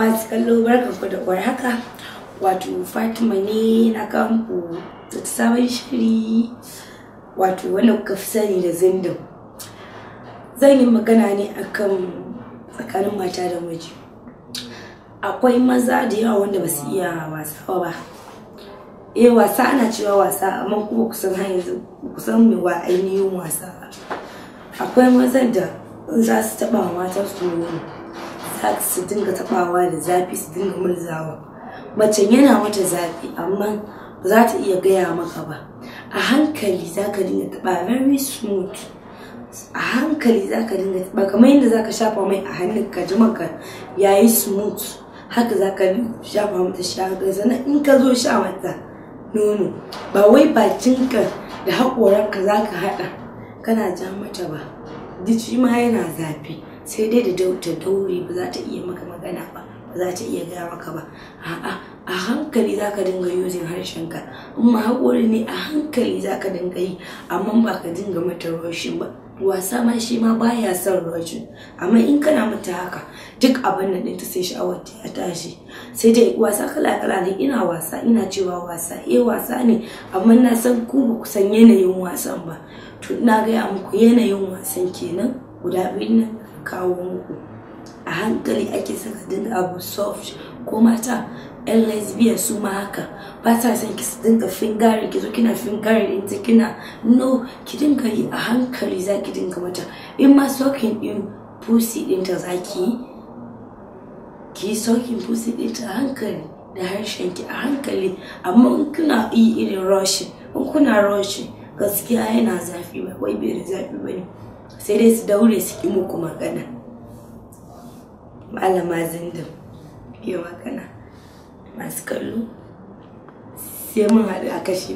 masu kallo ku da haka? wato fatima ne na kanku da sabon shiri wato wannan kuka fi sani da zindin zan yi magana ne akan tsakanin mata da miji akwai maza da yawa wanda ba su iya wasa ba eh wasa ana cewa wasa amma kuma kusan har yanzu kusan mai wa ainihin wasa akwai mazan da za su taba mata su ta su dinga tabawa da zafi su dinga murzawa macen yana mata zafi amma ba za ta iya gaya maka ba a hankali za ka dinga taba very smooth a hankali za ka dinga taba kamar yadda za ka shafa mai a hannun ka ji maka yi smooth haka za ka shafa mata shafa sannan in ka zo sha mata nono ba wai ka da haƙoranka za ka haɗa kana ja mata ba duk ma yana zafi sai dai da ta daure ba za ta iya maka magana ba ba za ta iya gaya maka ba a'a a hankali za ka dinga yuzin ka in ma haƙori ne a hankali za ka dinga yi amma ba ka dinga mata roshin ba wasa ma shi ma baya son roshin amma in kana mata haka duk abin nan ta sai sha'awar ta ya tashi sai dai wasa kala kala ne ina wasa ina cewa wasa eh wasa ne amma na san ku ba ku san yanayin wasan ba to na gaya muku yanayin wasan kenan guda biyu nan kawo muku a hankali ake saka dinga abu soft ko mata yan lesbian su ma haka ba ta son ki dinga fingari, ki zo kina din ta kina no ki dinga yi a hankali za ki dinga mata in ma sokin ɗin pussy ɗinta za ki ki yi sokin pussy ɗinta a hankali da harshen ki a hankali amma in kuna yi irin rushin in kuna gaskiya yana zafi ba wai bai da zafi ba ne sai dai su daure su ki muku magana malama zindin ke magana masu kallo sai mun haɗu a kashi